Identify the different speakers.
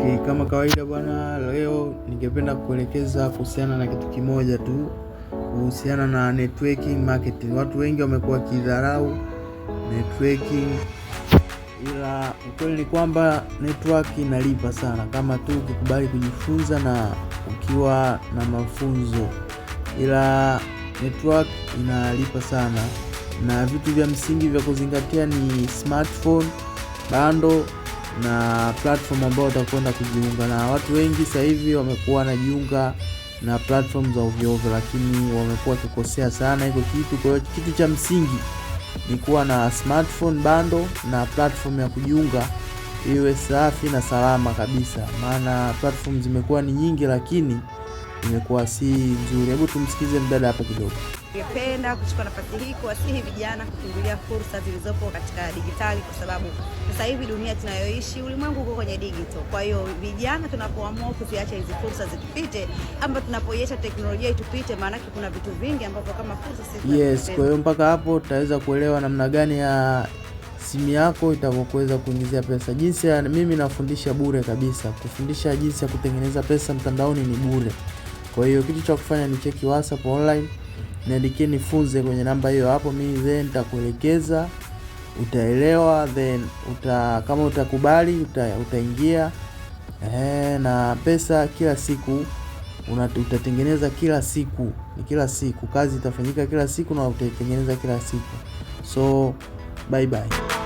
Speaker 1: Okay, kama kawaida bwana, leo ningependa kuelekeza kuhusiana na kitu kimoja tu, kuhusiana na networking marketing. Watu wengi wamekuwa kidharau networking, ila ukweli ni kwamba network inalipa sana kama tu ukikubali kujifunza na ukiwa na mafunzo, ila network inalipa sana, na vitu vya msingi vya kuzingatia ni smartphone bando na platform ambayo utakwenda kujiunga, na watu wengi sasa hivi wamekuwa wanajiunga na platform za ovyo ovyo, lakini wamekuwa wakikosea sana hiko kitu. Kwa hiyo kitu cha msingi ni kuwa na smartphone bando na platform ya kujiunga iwe safi na salama kabisa, maana platform zimekuwa ni nyingi, lakini imekuwa si nzuri. Hebu tumsikize mdada hapa kidogo.
Speaker 2: Ningependa kuchukua nafasi hii kuwasihi vijana kuchungulia fursa zilizopo katika dijitali, kwa sababu sasa hivi dunia tunayoishi, ulimwengu uko kwenye digital. Kwa hiyo vijana tunapoamua kuziacha hizi fursa zitupite, ama tunapoiacha teknolojia itupite, maanake kuna vitu vingi ambavyo kama fursa
Speaker 1: sisi. Yes, kwa hiyo mpaka hapo tutaweza kuelewa namna gani ya simu yako itakavyoweza kuingizia pesa. Jinsi ya mimi nafundisha bure kabisa, kufundisha jinsi ya kutengeneza pesa mtandaoni ni bure. Kwa hiyo kitu cha kufanya ni cheki WhatsApp online niandikie nifunze kwenye namba hiyo hapo, mimi then nitakuelekeza utaelewa, then uta kama utakubali uta, utaingia e, na pesa kila siku una, utatengeneza kila siku, ni kila siku kazi itafanyika kila siku na utaitengeneza kila siku. So bye bye.